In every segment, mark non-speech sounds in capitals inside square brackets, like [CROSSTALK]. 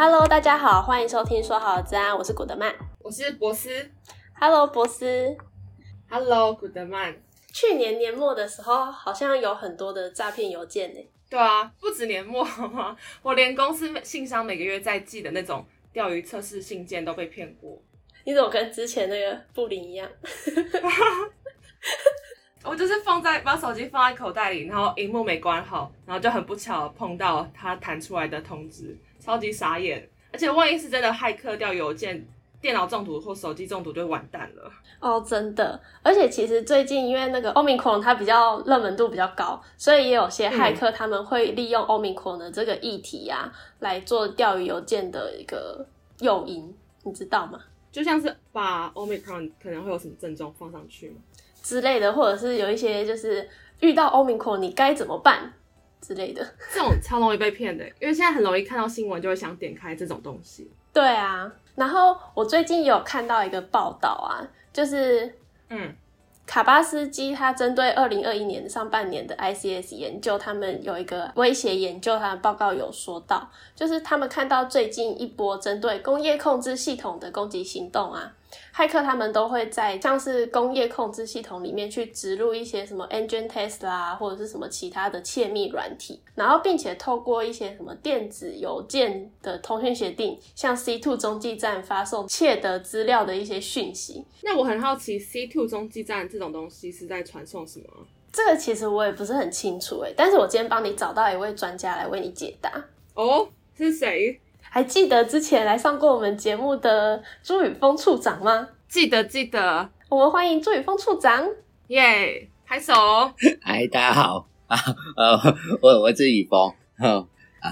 Hello，大家好，歡迎收聽《說好資安》，我是古德曼，我是博斯。Hello，博斯。Hello，古德曼。去年年末的時候，好像有很多的詐騙郵件呢？對啊，不止年末 [LAUGHS] 我連公司信箱每個月在寄的那種釣魚測試信件都被騙過。你怎麼跟之前那個布林一樣？ [LAUGHS] [LAUGHS] 我就是放在把手機放在口袋裡，然後螢幕沒關好，然後就很不巧碰到它彈出來的通知。超級傻眼，而且萬一是真的駭客釣魚郵件，電腦中毒或手機中毒，就完蛋了哦！Oh, 真的，而且其實最近因為那個 Omicron 它比較熱門度比較高，所以也有些駭客他們會利用 Omicron 的這個議題呀，啊嗯，來做釣魚郵件的一個誘因，你知道嗎？就像是把 Omicron 可能會有什麼症狀放上去嗎之類的，或者是有一些就是遇到 Omicron 你該怎麼辦？之類的，這種超容易被騙的欸，因為現在很容易看到新聞，就會想點開這種東西。對啊，然後我最近有看到一個報道啊，就是嗯，卡巴斯基他針對二零二一年上半年的 ICS 研究，他們有一個威脅研究，他的報告有說到，就是他們看到最近一波針對工業控制系統的攻擊行動啊。駭客他們都會在像是工業控制系統裡面去植入一些什麼 engine test 啦、啊，或者是什麼其他的竊密軟體，然後並且透過一些什麼電子郵件的通訊協定，像 C two 中繼站發送竊得資料的一些訊息。那我很好奇，C two 中繼站這種東西是在傳送什麼？這個其實我也不是很清楚哎、欸，但是我今天幫你找到一位專家來為你解答。哦，是誰？還記得之前來上過我們節目的朱雨峰處長嗎？記得記得，我們歡迎朱雨峰處長，耶、yeah,，拍手！哎，大家好啊，呃，我我是雨峰，然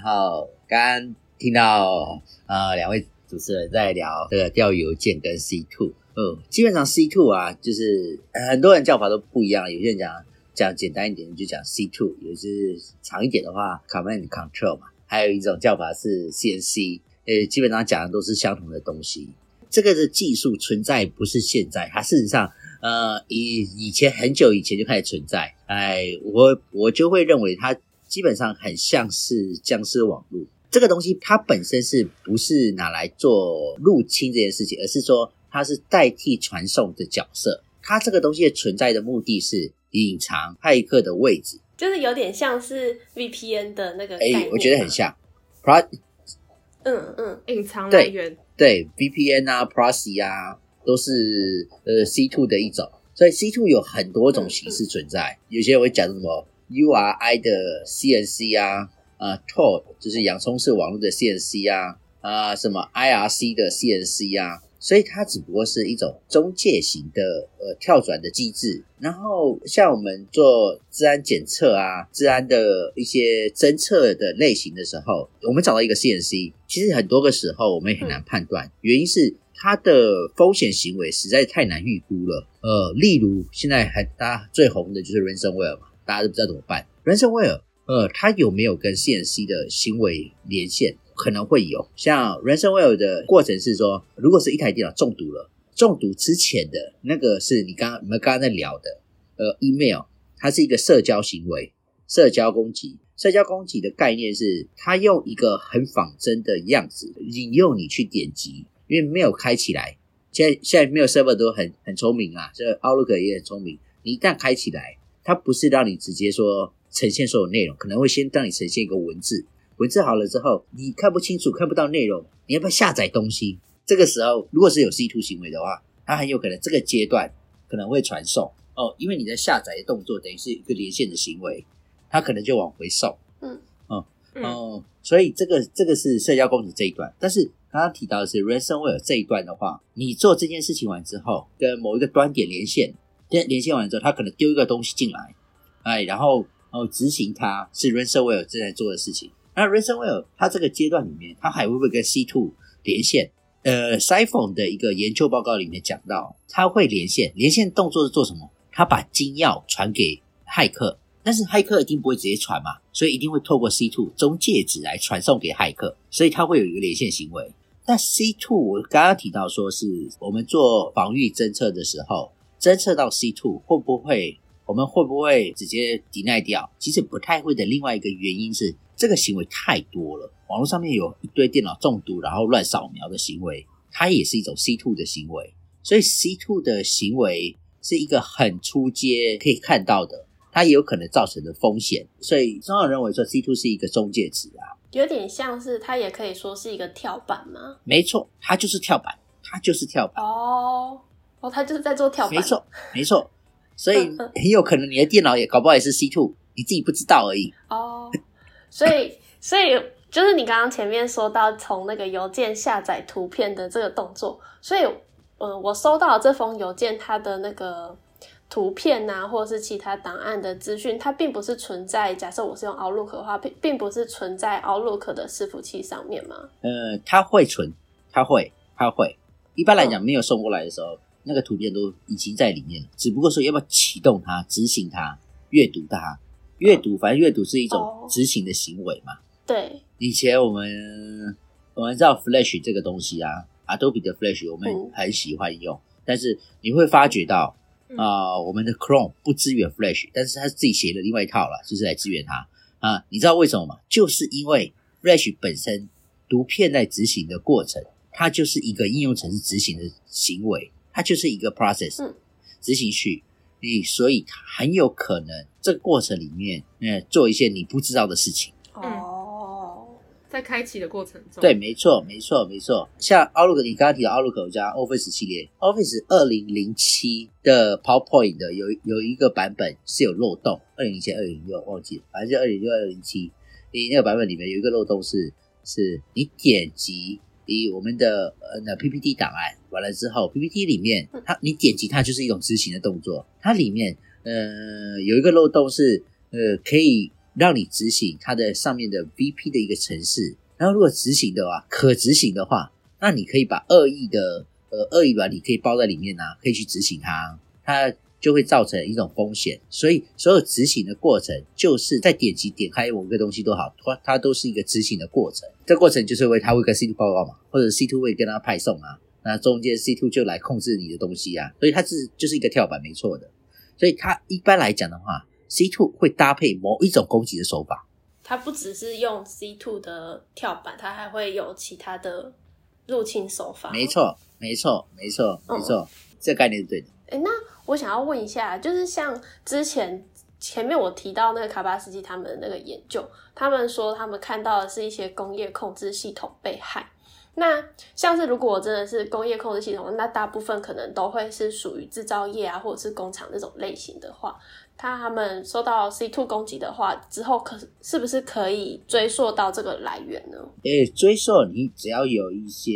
後剛剛聽到呃兩位主持人在聊這個釣魚郵件跟 C two，嗯，基本上 C two 啊，就是很多人叫法都不一樣，有些人講講簡單一點就講 C two，有些是長一點的話 command control 嘛。還有一種叫法是 CNC，呃，基本上講的都是相同的東西。這個的技術存在不是現在，它事實上，呃，以以前很久以前就開始存在。哎，我我就會認為它基本上很像是殭屍網絡。這個東西它本身是不是拿來做入侵這件事情，而是說它是代替傳送的角色。它這個東西的存在的目的是隱藏駭客的位置。就是有點像是 VPN 的那個概念、欸、我覺得很像。Proxy，Pro... 嗯嗯，隱藏來源，對，對 VPN 啊 Proxy 啊，都是呃 C two 的一種。所以 C two 有很多種形式存在。嗯嗯、有些人會講什麼 URI 的 CNC 啊，啊，Tor 就是洋蔥式網絡的 CNC 啊，啊，什麼 IRC 的 CNC 啊。所以它只不過是一種中介型的呃跳轉的機制。然後像我們做資安檢測啊，資安的一些偵測的類型的時候，我們找到一個 C&C，其實很多個時候我們也很難判斷。嗯，原因是它的風險行為實在太難預估了。呃，例如現在還，大家最紅的就是 ransomware 嘛，大家都不知道怎麼辦。ransomware，呃，它有沒有跟 C&C 的行為連線？可能會有像 ransomware 的過程是說，如果是一台電腦中毒了，中毒之前的那個是你剛剛你們剛剛在聊的，呃，email 它是一個社交行為，社交攻擊，社交攻擊的概念是它用一個很仿真的樣子引誘你去點擊，因為沒有開起來，現在現在 mail server 都很很聰明啊，這個 outlook 也很聰明，你一旦開起來，它不是讓你直接說呈現所有內容，可能會先讓你呈現一個文字。文字好了之後，你看不清楚，看不到內容，你要不要下載東西？這個時候，如果是有 C2 行為的話，它很有可能這個階段可能會傳送哦，因為你在下載的動作等於是一個連線的行為，它可能就往回送。嗯哦嗯哦，所以這個這個是社交公子這一段。但是剛剛提到的是 Ransomware 這一段的話，你做這件事情完之後，跟某一個端點連線，連線完之後，它可能丟一個東西進來，哎，然後哦執行它是 Ransomware 正在做的事情。那 Ransomware 它這個階段裡面，它還會不會跟 C two 連線？呃 Siphon 的一個研究報告裡面講到，它會連線，連線動作是做什麼？它把金鑰傳給駭客，但是駭客一定不會直接傳嘛，所以一定會透過 C two 中介子來傳送給駭客，所以它會有一個連線行為。那 C two 我剛剛提到說是我們做防禦偵測的時候，偵測到 C two 會不會？我們會不會直接抵賴掉？其實不太會的。另外一個原因是。這個行為太多了，網絡上面有一堆電腦中毒，然後亂掃描的行為，它也是一種 C2 的行為。所以 C2 的行為是一個很初階可以看到的，它也有可能造成的風險。所以通常人認為說 C2 是一個中介詞啊，有點像是它也可以說是一個跳板嗎？沒錯，它就是跳板，它就是跳板。哦，哦，它就是在做跳板，沒錯，沒錯。所以很有可能你的電腦也搞不好也是 C2，你自己不知道而已。哦、oh。所以，所以就是你剛剛前面說到從那個郵件下載圖片的這個動作，所以，呃、嗯，我收到這封郵件，它的那個圖片吶、啊，或者是其他檔案的資訊，它並不是存在。假設我是用 Outlook 的話，並並不是存在 Outlook 的伺服器上面嗎？呃，它會存，它會，它會。一般來講，沒有送過來的時候、嗯，那個圖片都已經在裡面了，只不過說要不要啟動它、執行它、閱讀它。閱讀，反正閱讀是一種執行的行為嘛。哦、對，以前我們我們知道 Flash 這個東西啊，Adobe 的 Flash 我們很喜歡用，嗯、但是你會發覺到啊、呃嗯，我們的 Chrome 不支援 Flash，但是它自己寫的另外一套了，就是來支援它啊。你知道為什麼嗎？就是因為 Flash 本身讀片在執行的過程，它就是一個應用程式執行的行為，它就是一個 process，、嗯、執行序。所以，他很有可能這個過程裡面，嗯，做一些你不知道的事情。哦、嗯，在開啟的過程中，對，沒錯，沒錯，沒錯。像 Outlook，你剛剛提到 Outlook 加 Office 系列，Office 二零零七的 PowerPoint 的有有一個版本是有漏洞，二零一七二零六忘記了，反正就二零六二零七，你那個版本裡面有一個漏洞是是，你點擊。以我們的呃那 PPT 檔案完了之後，PPT 裡面它你點擊它就是一種執行的動作，它裡面呃有一個漏洞是呃可以讓你執行它的上面的 VP 的一個程式，然後如果執行的話，可執行的話，那你可以把惡意的呃惡意吧你可以包在裡面啊，可以去執行它它。就會造成一種風險，所以所有執行的過程，就是在點擊、點開某個東西都好，它它都是一個執行的過程。這過程就是為它會跟 C2 報告嘛，或者 C2 會跟它派送啊？那中間 C2 就來控制你的東西啊。所以它是就是一個跳板，沒錯的。所以它一般來講的話，C2 會搭配某一種攻擊的手法。它不只是用 C2 的跳板，它還會有其他的入侵手法。沒錯，沒錯，沒錯，嗯、沒錯，這概念是對的。哎、欸，那我想要問一下，就是像之前前面我提到那個卡巴斯基他們的那個研究，他們說他們看到的是一些工業控制系統被害。那像是如果真的是工業控制系統，那大部分可能都會是屬於製造業啊，或者是工廠那種類型的話，他們受到 C2 攻擊的話之後可，可是不是可以追溯到這個來源呢？哎、欸，追溯你只要有一些。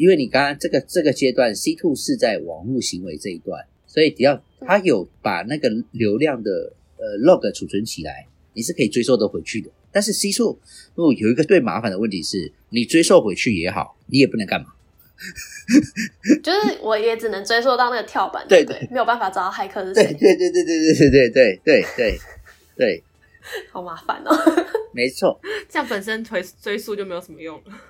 因為你剛剛這個這個階段 C two 是在網絡行為這一段，所以只要、嗯、他有把那個流量的呃 log 儲存起來，你是可以追溯的回去的。但是 C two 如果有一個最麻煩的問題是，你追溯回去也好，你也不能幹嘛，就是我也只能追溯到那個跳板， [LAUGHS] 對，對對，沒有辦法找到駭客是誰。對對對對對對對對對對對，對， [LAUGHS] 好麻煩哦。沒錯，這樣本身追追溯就沒有什麼用了。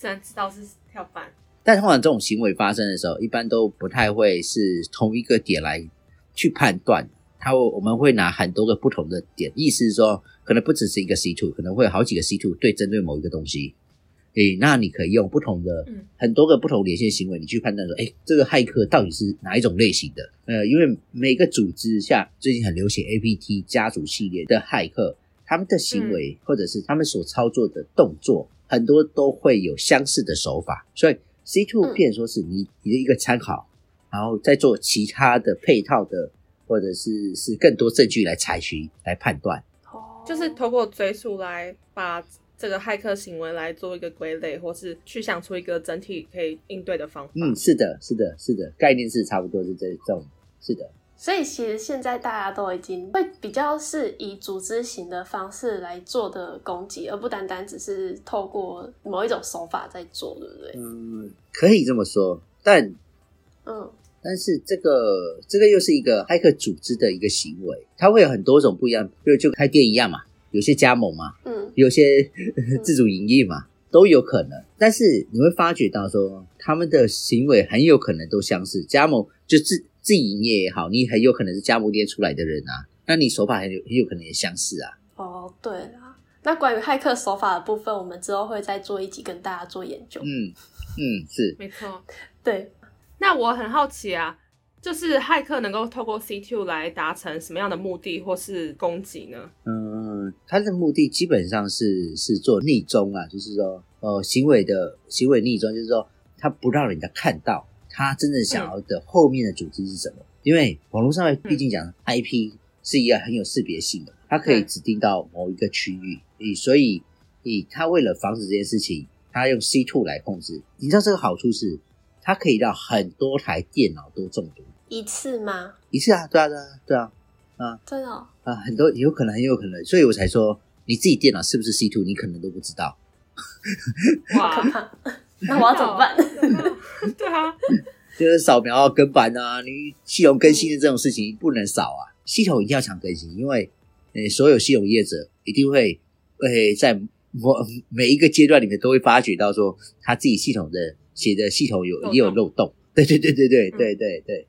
雖然知道是跳板，但通常這種行為發生的時候，一般都不太會是同一個點來去判斷。它會，我們會拿很多個不同的點，意思是說，可能不只是一個 C two，可能會有好幾個 C two 對針對某一個東西。誒、欸，那你可以用不同的、嗯、很多個不同連線行為，你去判斷說，誒、欸，這個駭客到底是哪一種類型的？呃，因為每個組織，像最近很流行 APT 家族系列的駭客，他們的行為、嗯、或者是他們所操作的動作。很多都會有相似的手法，所以 C two 變說是你、嗯、你的一個參考，然後再做其他的配套的，或者是是更多證據來採取，來判斷。哦，就是透過追溯來把這個駭客行為來做一個歸類，或是去想出一個整體可以應對的方法。嗯，是的，是的，是的，是的，概念是差不多是這這種，是的。所以其實現在大家都已經會比較是以組織型的方式來做的攻擊，而不單單只是透過某一種手法在做，對不對？嗯，可以這麼說，但嗯，但是這個這個又是一個駭客組織的一個行為，它會有很多種不一樣，比如就開店一樣嘛，有些加盟嘛，嗯，有些自主營業嘛，嗯，都有可能。但是你會發覺到說，他們的行為很有可能都相似，加盟就是。自營業也好，你很有可能是家母業出來的人啊，那你手法很有很有可能也相似啊。哦，對啦，那關於駭客手法的部分，我們之後會再做一集跟大家做研究。嗯嗯，是，沒錯，對。那我很好奇啊，就是駭客能夠透過 C2 來達成什麼樣的目的或是攻擊呢？嗯，他的目的基本上是是做匿蹤啊，就是說，呃、哦，行為的行為匿蹤，就是說他不讓人家看到。他真正想要的後面的組織是什麼？嗯、因為網絡上面畢竟講，IP 是一個很有識別性的，它，嗯、可以指定到某一個區域。所以，他為了防止這件事情，他用 C2 來控制。你知道這個好處是，它可以讓很多台電腦都中毒一次嗎？一次啊，對啊，對啊，對啊，啊，真的，哦，啊，很多有可能，很有可能。所以我才說，你自己電腦是不是 C2，你可能都不知道。哇， [LAUGHS] 可怕 [LAUGHS] 那好、啊、 [LAUGHS] 我要怎麼辦？ [LAUGHS] 對啊，就是掃描啊、跟板，啊，你系統更新的這種事情不能少啊。系統一定要常更新，因為誒、欸，所有系統業者一定會誒、欸、在每每一個階段裡面都會發覺到說，他自己系統的寫的系統有也有漏洞，漏洞。對對對對對對對對，誒、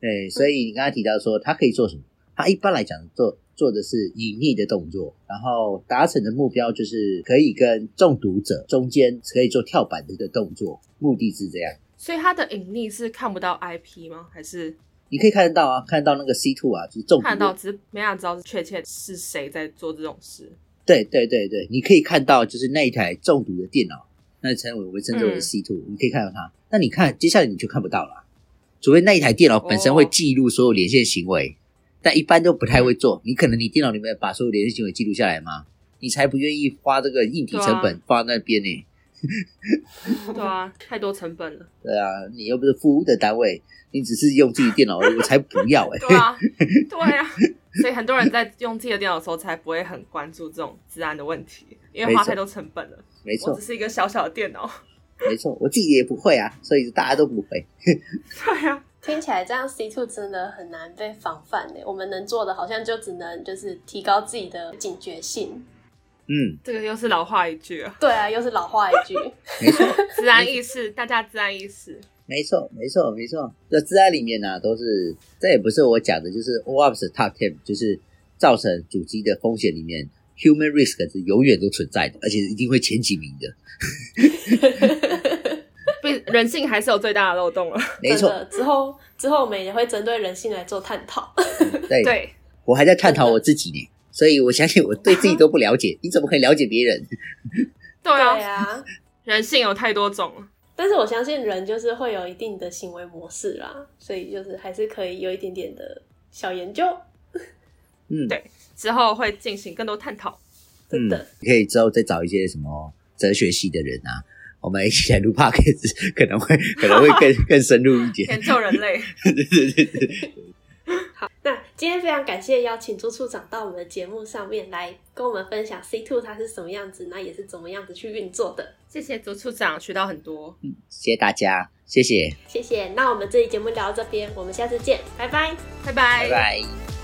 嗯，所以你剛才提到說，他可以做什麼？他一般來講做做的是隱匿的動作，然後達成的目標就是可以跟中毒者中間可以做跳板的一個動作，目的是這樣。所以它的隱匿是看不到 IP 嗎？還是你可以看得到啊？看到那個 C two 啊，就是中毒，看不到只是沒法知道確切是誰在做這種事。對對對對，你可以看到就是那一台中毒的電腦，那稱為我們稱之為 C two，你可以看到它。那你看接下來你就看不到了，除非那一台電腦本身會記錄所有連線行為、哦，但一般都不太會做。你可能你電腦裡面把所有連線行為記錄下來嗎？你才不願意花這個硬體成本花在那邊呢？ [LAUGHS] 對啊，太多成本了。對啊，你又不是服務的單位，你只是用自己電腦， [LAUGHS] 我才不要哎、欸。對啊，對啊，所以很多人在用自己的電腦的時候，才不會很關注這種資安的問題，因為花太多成本了。沒錯，我只是一個小小的電腦。 [LAUGHS] 沒錯，我自己也不會啊，所以大家都不會。 [LAUGHS] 對啊，聽起來這樣 C two 真的很難被防範誒、欸。我們能做的好像就只能就是提高自己的警覺性。嗯，這個又是老話一句啊。對啊，又是老話一句。沒錯，資安意識，大家資安意識。沒錯，沒錯，沒錯。這資安裡面呢、啊，都是這也不是我講的，就是 OWASP TOP TEN，就是造成主機的風險裡面，human risk 是永遠都存在的，而且一定會前幾名的。被 [LAUGHS] 人性還是有最大的漏洞了。沒錯，之後之後我們也會針對人性來做探討。 [LAUGHS] 對，我還在探討我自己呢。所以，我相信我對自己都不了解， [LAUGHS] 你怎麼可以了解別人？對啊， [LAUGHS] 人性有太多種了，但是我相信人就是會有一定的行為模式啦，所以就是還是可以有一點點的小研究。嗯，對，之後會進行更多探討、嗯。真的，你可以之後再找一些什麼哲學系的人啊，我們一起來錄 podcast，可能會可能會更 [LAUGHS] 更深入一點。 [LAUGHS] 研究人類。對對對。今天非常感謝邀請朱處長到我們的節目上面來跟我們分享 C&C 它是什麼樣子，那也是怎麼樣子去運作的。謝謝朱處長，學到很多。嗯，謝謝大家，謝謝，謝謝。那我們這期節目聊到這邊，我們下次見，拜拜，拜拜，拜拜。拜拜。